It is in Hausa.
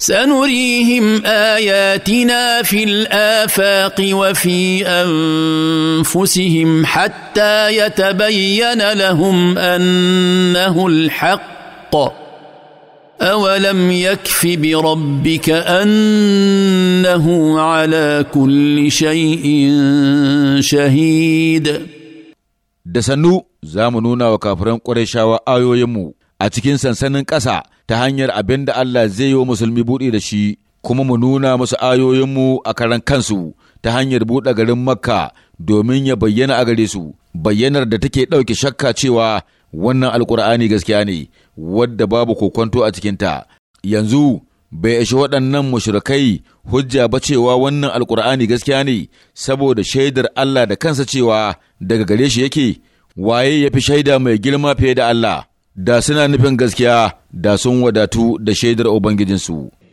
سنريهم اياتنا في الافاق وفي انفسهم حتى يتبين لهم انه الحق اولم يكف بربك انه على كل شيء شهيد دسنو زامنونا وكافرين قريشا وايو يمو a cikin sansanin ƙasa ta hanyar abin da Allah zai yi wa musulmi buɗe da shi, kuma mu nuna musu ayoyinmu a karan kansu ta hanyar buɗe garin Makka domin ya bayyana a gare su, bayyanar da take ɗauke shakka cewa wannan alkur'ani gaskiya ne, wadda babu kokonto a cikinta. Yanzu bai ishi waɗannan mushrikai hujja ba cewa wannan alkur'ani gaskiya ne, saboda shaidar Allah da kansa cewa daga gare shi yake, waye ya fi shaida mai girma fiye da Allah. da suna nufin gaskiya da sun wadatu da shaidar Ubangijinsu.